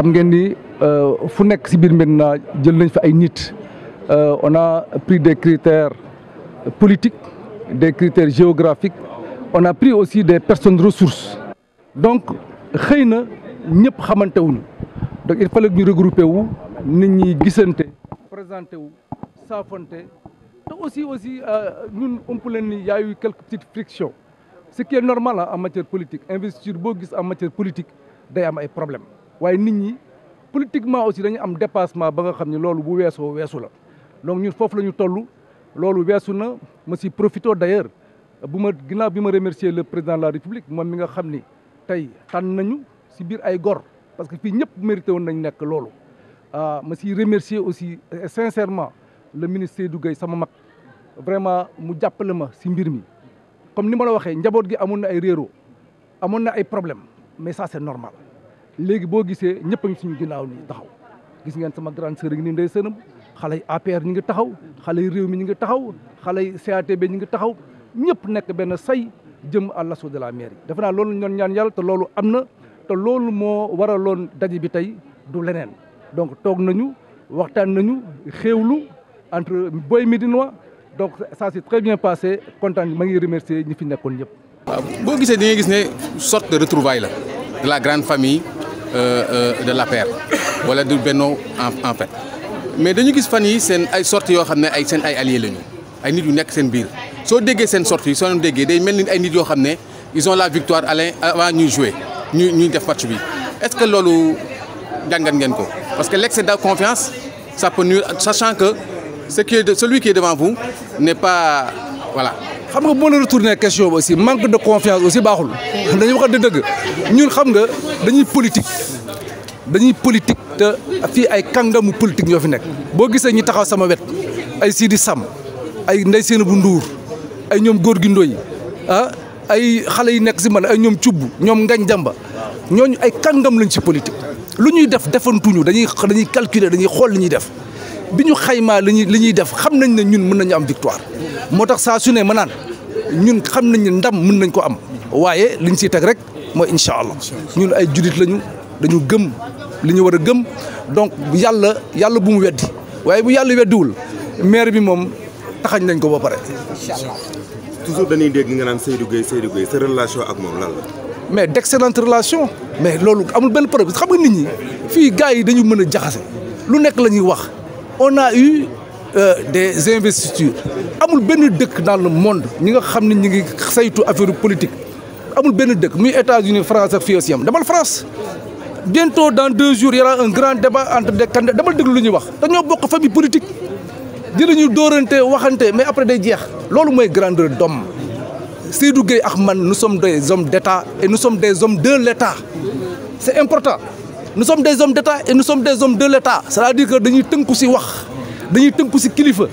Euh, euh, on a pris des critères politiques des critères géographiques on a pris aussi des personnes ressources donc rien n'est pas donc il fallait nous regrouper wu nous nous présentions, nous wu aussi nous, euh, ñun dire y a eu quelques petites frictions ce qui est normal hein, en matière politique Investir en matière politique day a des problèmes waaye nit ñi politiquement aussi dañu am dépassement ba nga xam ne loolu bu weesoo weesu la donc ñun foofu la ñu toll loolu weesu na ma si profité d'ailleurs bu ma ginnaaw bi ma remercier le président de la république moom mi nga xam ni tey tànn nañu si biir ay gor parce que fii ñëpp mérité woon nañ nekk loolu ah, ma si remercier aussi sincèrement le ministre Seydou Gueye sama mag vraiment mu jàppale ma si mbir mi comme ni ma la waxee njaboot gi amoon na ay réeroo amoon na ay problème mais normal léegi bo gisee ñepp ngi suñu ginaaw ni taxaw gis ngeen sama grande sœur ngi nii ndey sënam xale APR ñi ngi taxaw xalé réew mi ñi ngi taxaw xalé CATB ñi ngi taxaw ñepp nek ben say jëm Allah sou de la mairie dafa na loolu ñoon ñaan yalla te loolu amna te loolu mo waraloon dajji bi tay du leneen donc tok nañu waxtaan nañu xewlu entre Boy Médinois donc ça s'est très bien passé content ma ngi remercier ñi fi nekkon ñëpp bo gisee da ngay gis ne sorte de retrouvaille la de la grande famille Euh, euh, de la paire voilà du Beno en fait mais de nous qui se ay sorties yoo Nous sommes ay alliés nous ay nit yu ils ont la victoire avant de jouer nous ne def match est-ce que c'est parce que l'excès de confiance ça peut sachant que celui qui est devant vous n'est pas voilà xam nga bu ma la retourné question bi aussi manque de confiance aussi baaxul dañuy wax dëgg ñun xam nga dañuy politique dañuy politique te fii ay kàngamu politique ñoo fi nekk. boo gisee ñi taxaw sama wet ay Sidi Sam ay Ndeye Seynabou Ndour ay ñoom góor gi Ndoye ah ay xale yi nekk si man ay ñoom cubb ñoom ngañ jàmba ñooñu ay kàngam lañ si politique lu ñuy def defantuñu dañuy dañuy calculer dañuy xool li ñuy def. bi ñu xaymaa li ñuy li ñuy def xam nañ ne ñun mën nañu am victoire moo tax saa su nee ma naan ñun xam nañ ne ndam mën nañ ko am waaye liñ siy teg rek moo incha allah ñun ay julit lañu dañu gëm li ñu war a gëm donc yàlla yàlla bu mu weddi waaye bu yàlla weddiwul maire bi moom taxañ nañ ko ba pare. incha allah toujours dañuy dégg nga naan Seydou Gueye Seydou Gueye sa relation ak moom lan la. mais d'excellente relation mais loolu amul benn problème xam nga nit ñi fii gars yi dañu mën a jaxase lu nekk la ñuy wax. on a eu euh, des investitures amul ben deuk dans le monde ñi nga xam ñi ngi saytu affaire politique amul ben deuk muy États-Unis France ak fii France bientôt dans deux jours il y aura un grand débat entre des candidats demal déglu lu ñuy wax Dañu bokk famille politique lañu dóorante waxante mais après day jeex Lolu moy grandeur d'homme Seydou Gueye ak man nous sommes des hommes d'État et nous sommes des hommes de l'État c'est important nous sommes des hommes d'État et nous sommes des hommes de l'État Cela veut dire que nous tënku ci wax dañuy Nous ci kilifa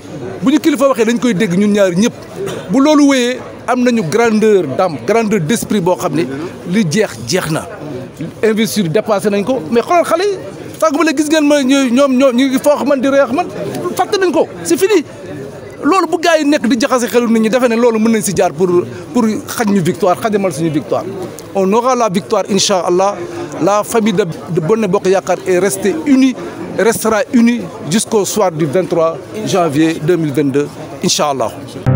si kilifa waxee dañ koy nous ñun ñaar ñëpp bu Nous nous am nañu grandeur d'âme grandeur d'esprit boo xam li jeex mais xoolal xale yi sànq nous gis ngeen ma ñoom c'est fini lolu bu gars yi nekk di jaxase xelu nit ñi defe ne lolu mën nañ jaar pour pour victoire xadimal suñu victoire on aura la victoire Insha allah la famille de Bonne Bokk Yakar est restée unie restera unie jusqu'au soir du 23 janvier 2022 Insha allah